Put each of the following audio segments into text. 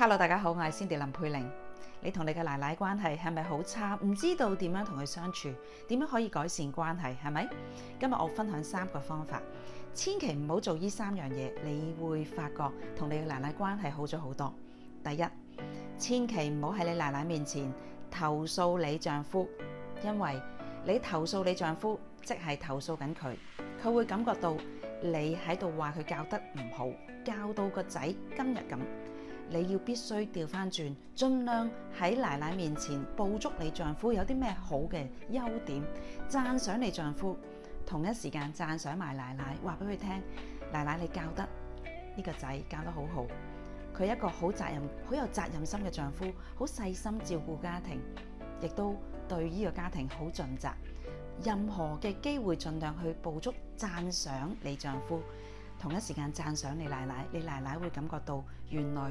Hello，大家好，我係 Cindy 林佩玲。你同你嘅奶奶關係係咪好差？唔知道點樣同佢相處，點樣可以改善關係？係咪？今日我分享三個方法，千祈唔好做呢三樣嘢，你會發覺同你嘅奶奶關係好咗好多。第一，千祈唔好喺你奶奶面前投訴你丈夫，因為你投訴你丈夫即係投訴緊佢，佢會感覺到你喺度話佢教得唔好，教到個仔今日咁。你要必須掉翻轉，盡量喺奶奶面前捕捉你丈夫有啲咩好嘅優點，讚賞你丈夫，同一時間讚賞埋奶奶，話俾佢聽，奶奶你教得呢個仔教得好好，佢一個好責任、好有責任心嘅丈夫，好細心照顧家庭，亦都對呢個家庭好盡責。任何嘅機會盡量去捕捉讚賞你丈夫，同一時間讚賞你奶奶，你奶奶會感覺到原來，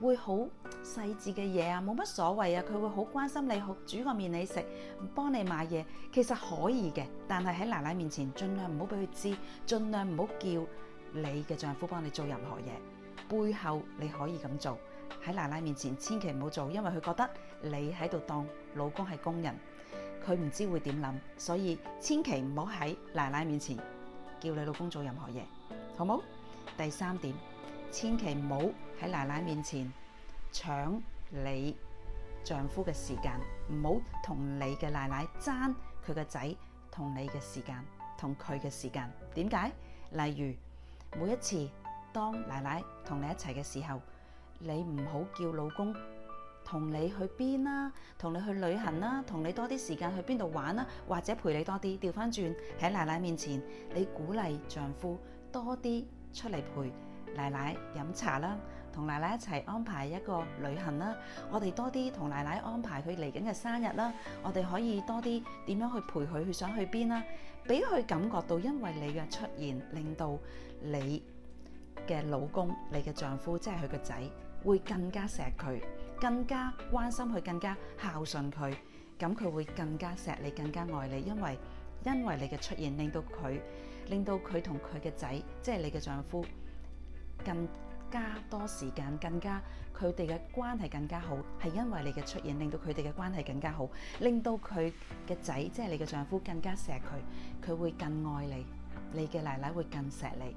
會好細緻嘅嘢啊，冇乜所謂啊，佢會好關心你，好煮個麵你食，幫你買嘢，其實可以嘅。但係喺奶奶面前，盡量唔好俾佢知，盡量唔好叫你嘅丈夫幫你做任何嘢。背後你可以咁做，喺奶奶面前千祈唔好做，因為佢覺得你喺度當老公係工人，佢唔知會點諗，所以千祈唔好喺奶奶面前叫你老公做任何嘢，好冇？第三點。千祈唔好喺奶奶面前搶你丈夫嘅時間，唔好同你嘅奶奶爭佢嘅仔同你嘅時間同佢嘅時間。點解？例如每一次當奶奶同你一齊嘅時候，你唔好叫老公同你去邊啦、啊，同你去旅行啦、啊，同你多啲時間去邊度玩啦、啊，或者陪你多啲。調翻轉喺奶奶面前，你鼓勵丈夫多啲出嚟陪奶奶飲茶啦，同奶奶一齊安排一個旅行啦。我哋多啲同奶奶安排佢嚟緊嘅生日啦。我哋可以多啲點樣去陪佢，去想去邊啦，畀佢感覺到，因為你嘅出現，令到你嘅老公、你嘅丈夫，即係佢嘅仔，會更加錫佢，更加關心佢，更加孝順佢。咁佢會更加錫你，更加愛你，因為因為你嘅出現，令到佢，令到佢同佢嘅仔，即係你嘅丈夫。更加多時間，更加佢哋嘅關係更加好，係因為你嘅出現，令到佢哋嘅關係更加好，令到佢嘅仔，即係你嘅丈夫更加錫佢，佢會更愛你，你嘅奶奶會更錫你。